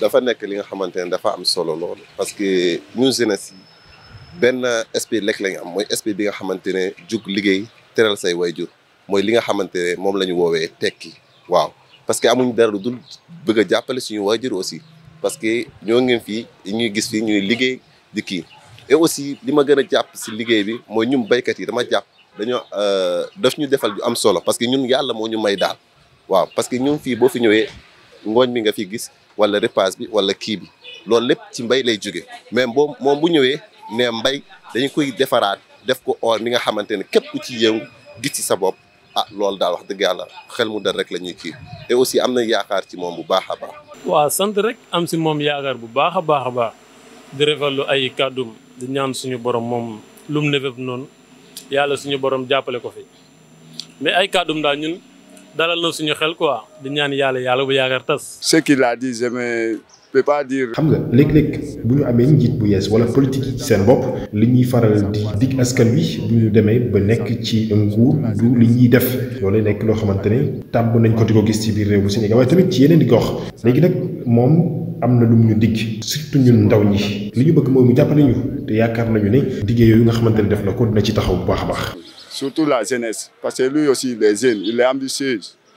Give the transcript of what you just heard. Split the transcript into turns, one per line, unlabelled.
dafa nekk li nga xamante ne dafa am solo loolu parce que ñun jeunesse yi benn esprit lekk lañu am mooy esprit bi nga xamante ne jug liggéey teral say waajur mooy li nga xamante ne moom la ñu woowee tekki waaw parce que amuñ dara dul bëgg a jàppale suñu waajur aussi parce que ñoo ngeen fii ñuy gis fii ñuy liggéey di kii aussi li ma gën a jàpp si liggéey bi mooy ñun béykat yi dama jàpp dañoo euh, daf ñu defal ju am solo parce que ñun yàlla moo ñu may daal waaw parce que ñun fii boo fi ñëwee ngooñ mi nga fi gis wala repas bi wala kii bi loolu lépp ci mbay lay jóge mais boo moom bu ñëwee ne mbay dañu koy defaraat def ko or mi nga xamante ne képp u ci yëngu gi ci sa bopp ah loolu daal wax dëgg yàlla xel mu dal rek la ñuy kii et aussi am na yaakaar ci moom bu baax a baax.
waa sant rek am si moom yaakaar bu baax a baax a baax di rafetlu ay kàddu ñaan suñu borom moom lu mu noonu yàlla suñu borom jàppale ko fi mais ay kàddum daal ñun. dalal na suñu xel quoi di ñaan yàlla yàlla bu yaakaar tas. ce qu'il a dit je ne pas dire. xam nga
léeg-léeg bu ñu amee njiit bu yees wala politique seen bopp li ñuy faral di dig askan wi bu ñu demee ba nekk ci nguur du li ñuy def loolu nekk loo xamante ne tàmm nañ ko di ko gis ci biir réew bu Sénégal waaye tamit ci yeneen di gox léegi nag moom. am na lu mu ñu digg surtout ñun ndaw ñi li ñu bëgg mooy mu jàppale te yaakaar nañu ni liggéey yooyu nga xamante ne def na ko dina ci taxaw bu baax a baax surtout la jeunesse parce que lui aussi les jeunes il est ambitieux